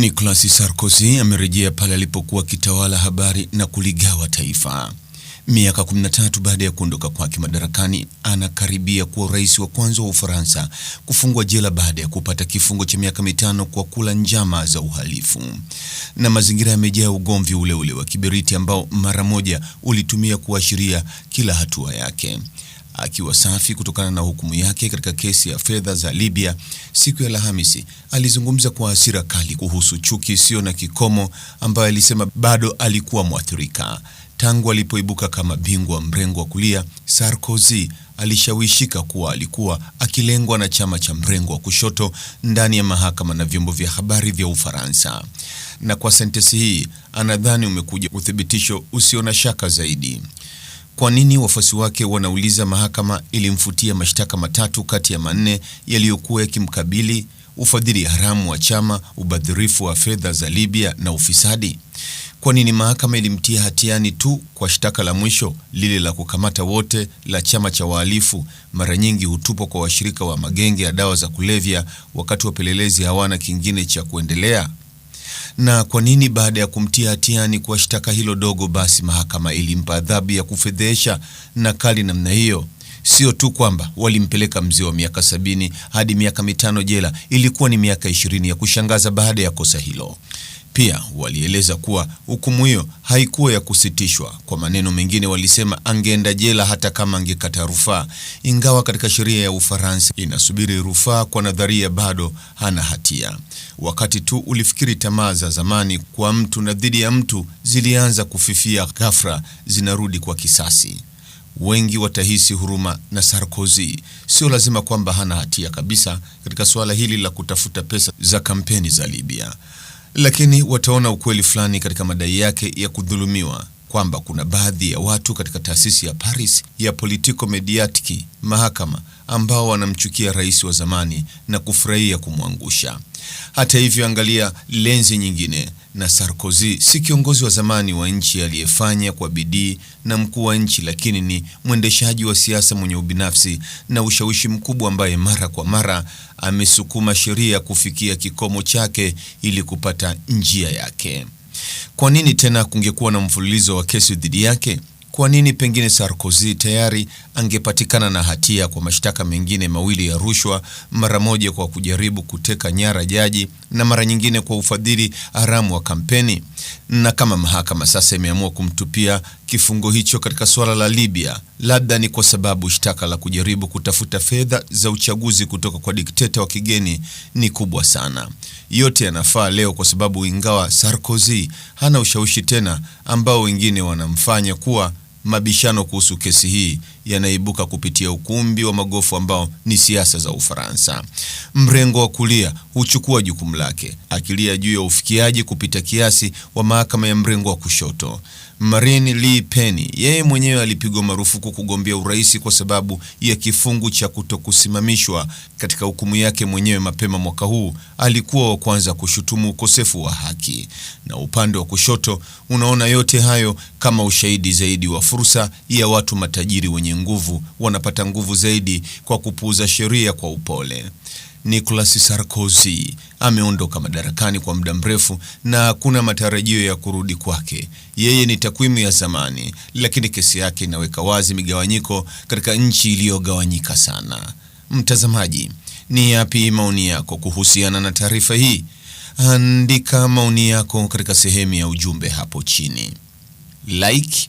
Nicolas Sarkozy amerejea pale alipokuwa akitawala habari na kuligawa taifa. Miaka 13 baada ya kuondoka kwake madarakani, anakaribia kuwa rais wa kwanza wa Ufaransa kufungwa jela baada ya kupata kifungo cha miaka mitano kwa kula njama za uhalifu. Na mazingira yamejaa ugomvi ule ule wa kibiriti ambao mara moja ulitumia kuashiria kila hatua yake akiwa safi kutokana na hukumu yake katika kesi ya fedha za Libya siku ya Alhamisi, alizungumza kwa hasira kali kuhusu chuki isiyo na kikomo ambayo alisema bado alikuwa mwathirika. Tangu alipoibuka kama bingwa mrengo wa kulia, Sarkozy alishawishika kuwa alikuwa akilengwa na chama cha mrengo wa kushoto ndani ya mahakama na vyombo vya habari vya Ufaransa. Na kwa sentensi hii, anadhani umekuja uthibitisho usio na shaka zaidi. Kwa nini wafuasi wake wanauliza mahakama ilimfutia mashtaka matatu kati ya manne yaliyokuwa yakimkabili: ufadhili haramu wa chama, ubadhirifu wa fedha za Libya na ufisadi? Kwa nini mahakama ilimtia hatiani tu kwa shtaka la mwisho, lile la kukamata wote la chama cha wahalifu, mara nyingi hutupwa kwa washirika wa magenge ya dawa za kulevya, wakati wapelelezi hawana kingine cha kuendelea? Na kwa nini baada ya kumtia hatiani kwa shtaka hilo dogo, basi mahakama ilimpa adhabu ya kufedhesha na kali namna hiyo? Sio tu kwamba walimpeleka mzee wa miaka sabini hadi miaka mitano jela, ilikuwa ni miaka ishirini ya kushangaza baada ya kosa hilo. Pia walieleza kuwa hukumu hiyo haikuwa ya kusitishwa. Kwa maneno mengine, walisema angeenda jela hata kama angekata rufaa, ingawa katika sheria ya Ufaransa inasubiri rufaa kwa nadharia bado hana hatia. Wakati tu ulifikiri tamaa za zamani kwa mtu na dhidi ya mtu zilianza kufifia, ghafla zinarudi kwa kisasi. Wengi watahisi huruma na Sarkozy. Sio lazima kwamba hana hatia kabisa katika suala hili la kutafuta pesa za kampeni za Libya lakini wataona ukweli fulani katika madai yake ya kudhulumiwa kwamba kuna baadhi ya watu katika taasisi ya Paris ya politico mediatiki mahakama ambao wanamchukia rais wa zamani na kufurahia kumwangusha. Hata hivyo, angalia lenzi nyingine na Sarkozy si kiongozi wa zamani wa nchi aliyefanya kwa bidii na mkuu wa nchi, lakini ni mwendeshaji wa siasa mwenye ubinafsi na ushawishi mkubwa ambaye mara kwa mara amesukuma sheria kufikia kikomo chake ili kupata njia yake. Kwa nini tena kungekuwa na mfululizo wa kesi dhidi yake? kwa nini pengine Sarkozy tayari angepatikana na hatia kwa mashtaka mengine mawili ya rushwa, mara moja kwa kujaribu kuteka nyara jaji na mara nyingine kwa ufadhili haramu wa kampeni. Na kama mahakama sasa imeamua kumtupia kifungo hicho katika suala la Libya, labda ni kwa sababu shtaka la kujaribu kutafuta fedha za uchaguzi kutoka kwa dikteta wa kigeni ni kubwa sana. Yote yanafaa leo kwa sababu ingawa Sarkozy hana ushawishi tena ambao wengine wanamfanya kuwa Mabishano kuhusu kesi hii yanaibuka kupitia ukumbi wa magofu ambao ni siasa za Ufaransa. Mrengo wa kulia huchukua jukumu lake, akilia juu ya ufikiaji kupita kiasi wa mahakama ya mrengo wa kushoto. Marine Le Pen yeye mwenyewe alipigwa marufuku kugombea urais kwa sababu ya kifungu cha kutokusimamishwa. Katika hukumu yake mwenyewe mapema mwaka huu, alikuwa wa kwanza kushutumu ukosefu wa haki, na upande wa kushoto unaona yote hayo kama ushahidi zaidi wa fursa ya watu matajiri wenye nguvu wanapata nguvu zaidi kwa kupuuza sheria kwa upole. Nicolas Sarkozy ameondoka madarakani kwa muda mrefu na hakuna matarajio ya kurudi kwake. Yeye ni takwimu ya zamani, lakini kesi yake inaweka wazi migawanyiko katika nchi iliyogawanyika sana. Mtazamaji, ni yapi maoni yako kuhusiana na taarifa hii? Andika maoni yako katika sehemu ya ujumbe hapo chini. Like,